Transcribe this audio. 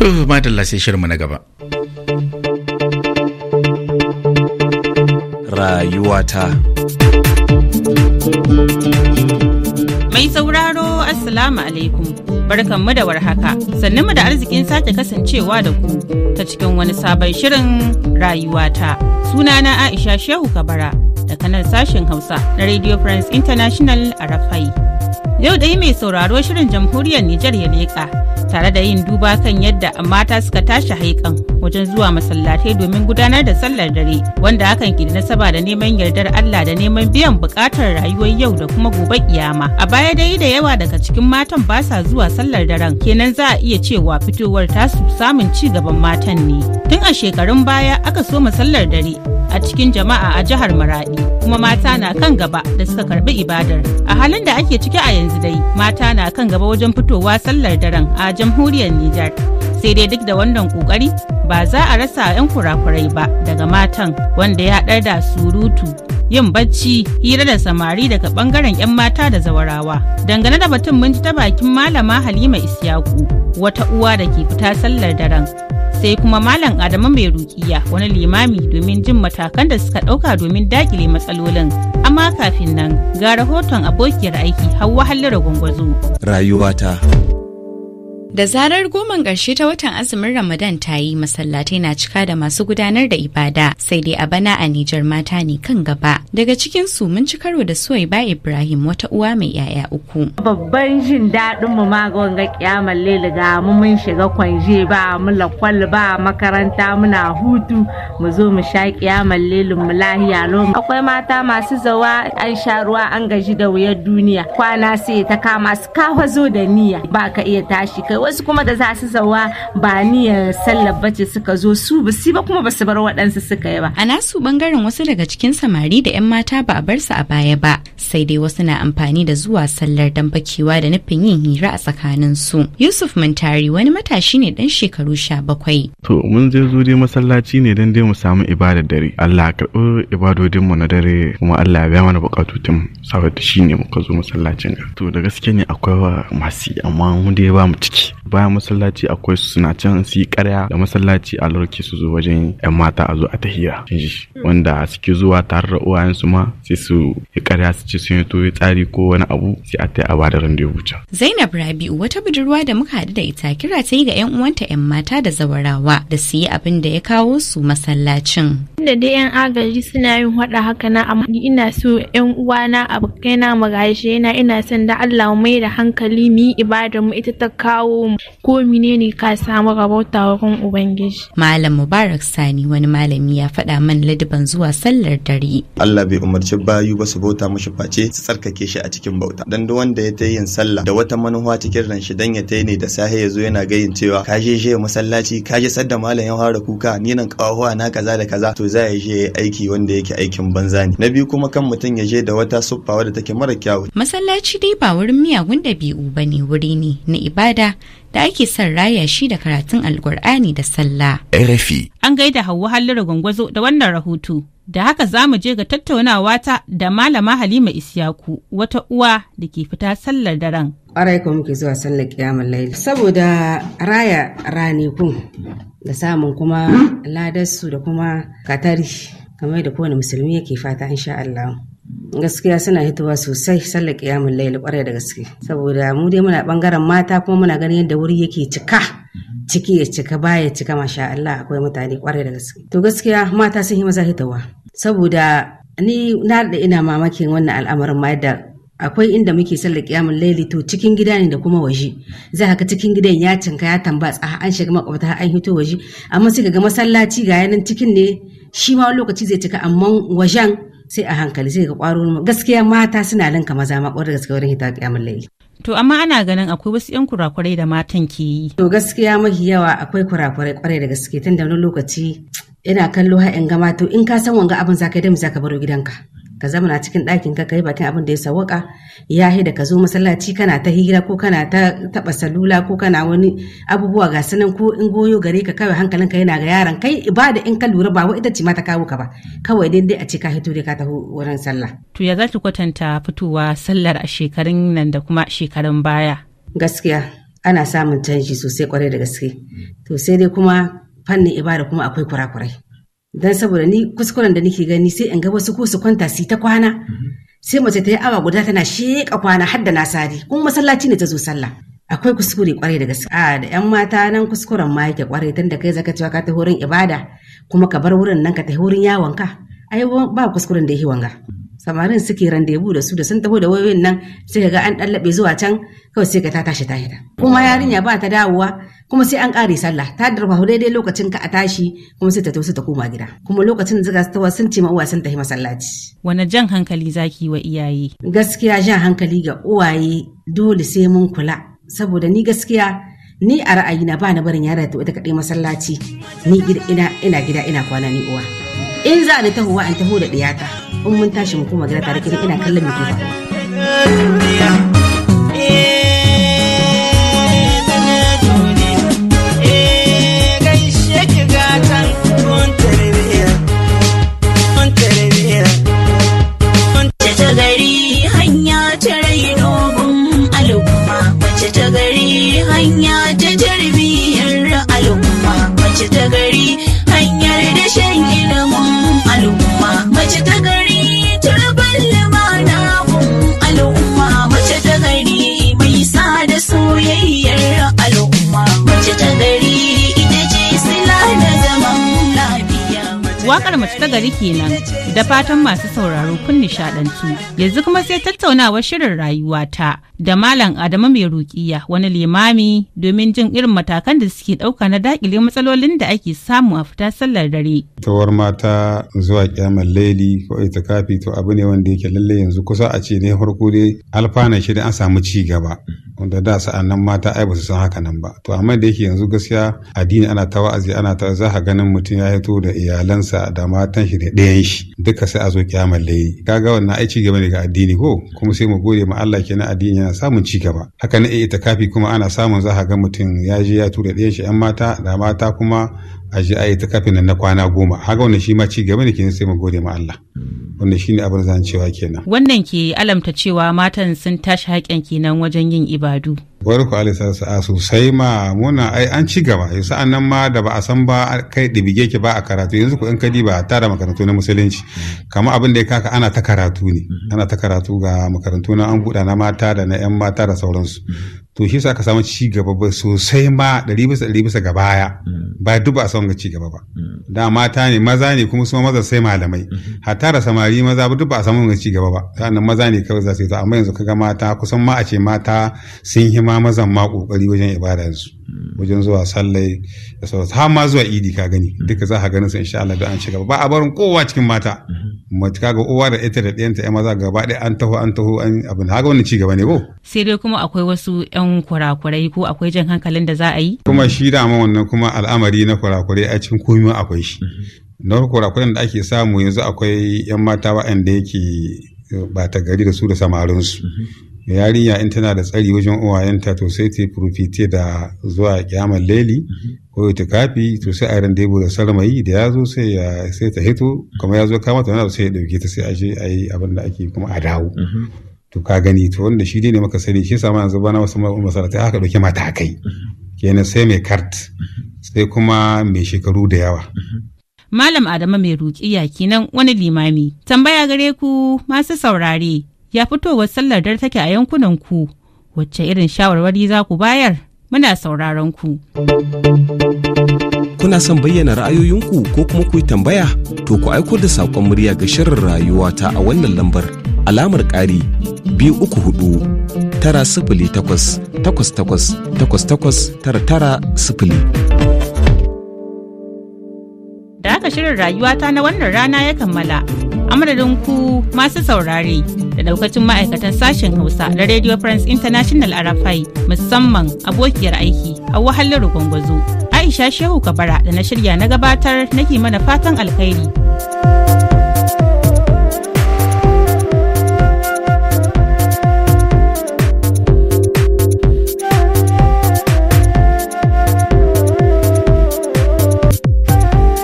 To madalla sai shirinmu na gaba. Rayuwata. Mai sauraro Assalamu alaikum barkanmu da warhaka sannunmu da arzikin sake kasancewa da ku ta cikin wani sabon shirin rayuwata sunana Aisha Shehu Kabara da kanar sashen Hausa na Radio France International a Rafai. Yau dai mai sauraro shirin jamhuriyar Nijar ya leƙa tare da yin duba kan yadda mata suka tashi haikan wajen zuwa masallatai domin gudanar da sallar dare wanda hakan ke da nasaba da neman yardar Allah da neman biyan bukatar rayuwar yau da kuma gobe kiyama a baya dai da yawa daga cikin matan ba sa zuwa sallar daren kenan za a iya cewa fitowar tasu samun ci gaban matan ne tun a shekarun baya aka so sallar dare a cikin jama'a a jihar Maradi kuma mata na kan gaba da suka karbi ibadar. A halin da ake ciki a yanzu dai mata na kan gaba wajen fitowa sallar daren a jamhuriyar Nijar. Sai dai duk da wannan kokari ba za a rasa 'yan kurakurai ba daga matan wanda ya ɗar da surutu yin bacci hira da samari daga bangaren 'yan mata da zawarawa dangane da batun mun ji ta bakin malama halima isyaku wata uwa da ke fita sallar daren sai kuma Malam Adamu mai rukiya wani limami domin jin matakan da suka ɗauka domin dakile matsalolin. Amma kafin nan ga rahoton abokiyar aiki Hauwa Hallira Gwangwazo. Rayuwata Da zarar goman ƙarshe ta watan azumin Ramadan ta yi masallatai na cika da masu gudanar da ibada sai dai a bana a Nijar mata ne kan gaba. Daga cikin su mun ci karo da ba Ibrahim wata uwa mai yaya uku. Babban jin daɗin mu magon ga kiyamar lele ga mu mun shiga kwanje ba mu lakwal ba makaranta muna hutu mu zo mu sha kiyamar lele mu lahiya lomu. Akwai mata masu zawa an sha ruwa an gaji da wuyar duniya kwana sai ta kama su kawo zo da niyya ba ka iya tashi kai wasu kuma da za su zawa ba niyyar sallar bace suka zo su ba ba kuma ba su bar waɗansu suka yi ba. A nasu bangaren wasu daga cikin samari da 'yan mata ba a bar su a baya ba sai dai wasu na amfani da zuwa sallar dan bakewa da nufin yin hira a tsakanin su. Yusuf Mantari wani matashi ne dan shekaru sha bakwai. To mun je zo masallaci ne dan dai mu samu ibadar dare. Allah ya karɓi ibadodinmu na dare kuma Allah ya biya mana buƙatutun. saboda shi ne muka zo masallacin ga to da gaske ne akwai wa masu amma mu dai ba mu ciki bayan masallaci akwai su suna can su yi karya da masallaci a lurke su zo wajen yan mata a zo a tahira wanda suke zuwa tare da uwayensu ma sai su yi karya su ce sun yi toye tsari ko wani abu sai a tai a bada rendezvous can. Zainab Rabi'u wata budurwa da muka haɗu da ita kira ta yi ga yan uwanta yan mata da zawarawa da su yi abin da ya kawo su masallacin. Inda dai yan agaji suna yin haɗa haka na amma ina so yan uwana a abokai na mu gaishe ina son da Allah mu mai da hankali mu yi ibadar mu ita ta kawo mu ko ne ka samu rabauta wurin ubangiji malam mubarak sani wani malami ya faɗa man ladiban zuwa sallar dare Allah bai umarci bayu ba su bauta mushi face su tsarkake shi a cikin bauta dan duk wanda ya ta yin sallah da wata manufa cikin ran shi dan ya ta ne da sahe ya zo yana gayin cewa ka je je masallaci ka je sadda malam ya fara kuka ni nan kawawa na kaza da kaza to za ya je aiki wanda yake aikin banza ne na biyu kuma kan mutum ya je da wata siffa da take mara kyawu. Masallaci dai ba wurin miyagun ɗabi'u ba ne wuri ne na ibada da ake son raya shi da karatun alkur'ani da sallah. RFI. An gaida Hauwa Halliru Gwangwazo da wannan rahoto. Da haka za mu je ga tattaunawa ta da Malama Halima Isyaku wata uwa da ke fita sallar daren. Ƙwarai kuma muke zuwa sallar kiyamar laili. Saboda raya kun da samun kuma ladarsu da kuma katari kamar da kowane musulmi yake fata in sha Allah. gaskiya suna hitowa sosai sallar kiyamun laili kwarai da gaske saboda mu dai muna bangaren mata kuma muna ganin yadda wuri yake cika ciki ya cika baya cika masha Allah akwai mutane kwarai da gaske to gaskiya mata sun yi maza hitowa saboda ni na da ina mamakin wannan al'amarin ma yadda akwai inda muke sallar kiyamun laili to cikin gida ne da kuma waje za ka cikin gidan ya cinka ya tambatsa an shiga makwabta an hito waje amma sai ga masallaci ga yanan cikin ne shi ma lokaci zai cika amma wajen sai a hankali sai ga kwaro gaskiya mata suna linka maza ma da gaskiya wurin hita ƙiyamul laili To amma ana ganin akwai wasu 'yan kurakurai da matan ke yi. To gaskiya mafi yawa akwai kurakurai kwarai da gaske tun da wani lokaci ina kallo ha'in gama to in ka san wanga abin zaka yi da zaka baro gidanka. ka zamana cikin ɗakin ka kai bakin abin da ya sawaka ya da ka zo masallaci kana ta hira ko kana ta taɓa salula ko kana wani abubuwa ga sanan ko in goyo gare ka kawai hankalin ka yana ga yaran kai ba da in ka lura ba ita ce ma ta kawo ka ba kawai dai dai a ce ka hito dai ka taho wurin sallah to ya ki kwatanta fitowa sallar a shekarun nan da kuma shekarun baya gaskiya ana samun canji sosai kwarai da gaske to sai dai kuma fannin ibada kuma akwai kurakurai dan saboda ni kuskuren da nake gani sai in ga wasu ko su kwanta su ta kwana sai mace ta yi awa guda tana sheƙa kwana har da nasari kuma masallaci ne ta zo sallah akwai kuskure kwarai da gaske a da yan mata nan kuskuren ma yake kwarai da kai zaka cewa ka ta horin ibada kuma ka bar wurin nan ka ta horin yawon ka ai ba kuskuren da yake wanga samarin suke randebu da su da sun taho da wayoyin nan sai ka ga an dallabe zuwa can kawai sai ka ta tashi ta hira kuma yarinya ba ta dawowa kuma sai an ƙare sallah ta darba daidai lokacin ka a tashi kuma sai ta tausa ta koma gida kuma lokacin da zaka tawa sun ce ma uwa sun tafi masallaci wani jan hankali zaki wa iyaye gaskiya jan hankali ga uwaye dole sai mun kula saboda ni gaskiya ni a ra'ayina ba na barin yara ta wata kaɗai masallaci ni ina ina gida ina kwana ni uwa in za ni tahowa an taho da ɗiyata in mun tashi mu koma gida tare ina kallon mu ke ba Wakar mace ta gari kenan da fatan masu sauraro kun nishadantu. Yanzu kuma sai tattaunawar shirin rayuwata da Malam Adamu mai rukiya wani limami domin jin irin matakan da suke ɗauka na dakile matsalolin da ake samu a fita sallar dare. Tawar mata zuwa kyamar laili ko itikafi to abu ne wanda yake lalle yanzu kusa a ce ne farko dai alfana shi an samu ci gaba wanda da sa'annan mata ai ba su san haka nan ba. To amma da yake yanzu gaskiya addini ana ta wa'azi ana ta za ganin mutum ya hito da iyalansa da da matan shi da ɗayan shi duka sai a zo kiyamar layi kaga wannan ai cigaba ne ga addini ko kuma sai mu gode ma Allah kenan addini yana samun cigaba haka na ita kafi kuma ana samun za ga mutum ya je ya tura ɗayan shi yan mata da mata kuma a je a yi ta kafin na kwana goma haka wannan shi ma cigaba ne kenan sai mu gode ma Allah wanda ne abin zan cewa kenan wannan ke alamta cewa matan sun tashi haƙƙin kenan wajen yin ibadu wani ku alisa sa'a sosai ma muna ai an ci gaba yanzu an nan ma da ba a san ba kai ɗibige ki ba a karatu yanzu ku in ka ba tara makarantu na musulunci kama abin da ya kaka ana ta karatu ne ana ta karatu ga makarantu na an buɗa na mata da na 'yan mata da sauransu to shi sa ka samu ci gaba ba sosai ma ɗari bisa ɗari bisa ga baya mm. ba duk ba a samu ci gaba ba mm. da mata ne maza ne kuma su maza sai malamai mm-hmm. hatta da samari maza ba duk ba a samu ci gaba ba sannan maza ne kawai za su yi to amma yanzu kaga mata kusan ma a ce mata sun hima mazan ma kokari wajen ibadarsu wajen zuwa sallai da sauransu har ma zuwa idi ka gani mm-hmm. duka za ka ganin su insha Allah da an shiga ba a barin kowa cikin mata mm-hmm. mace kaga uwa da ita da ɗiyanta ƴan maza gaba ɗaya an taho an taho an abin haka wannan ci gaba ne ko sai dai kuma akwai wasu ƴan kurakurai ko akwai jan hankalin da za a yi kuma shi da ma wannan kuma al'amari na kurakurai a cikin komai akwai shi mm-hmm. na kurakurai da ake samu yanzu akwai 'yan mata wa'anda yake ba eh, ta gari da su da samarinsu yarinya in tana da tsari wajen uwayenta to sai ta profite da zuwa kyamar leli ko ta kafi to sai a da sarmayi da ya zo sai ta hito kuma ya zo kama ta sai ya dauke ta sai a je a yi abin da ake kuma a dawo mhm. to ka gani to wanda shi ne maka sani shi sama yanzu bana wasu ta aka dauke mata kai kenan sai mai kart sai kuma mai shekaru da yawa Malam adama mai ruƙiya kenan wani limami. Tambaya gare ku masu saurare. ya fitowar sallar dare take a yankunan ku wacce irin shawarwari za ku bayar muna sauraron ku. Kuna son bayyana ra'ayoyinku ko kuma ku yi tambaya to ku aiko da saƙon murya ga shirin rayuwa ta a wannan lambar alamar ƙari biyu uku hudu tara sifili takwas takwas takwas takwas takwas tara tara sifili. Da aka shirin rayuwata na wannan rana ya kammala a madadin ku masu saurare da daukacin ma'aikatan sashen hausa na radio france international arafai musamman abokiyar aiki a wahalar gwangwazo aisha shehu kabara da na shirya na gabatar nake mana fatan alkhairi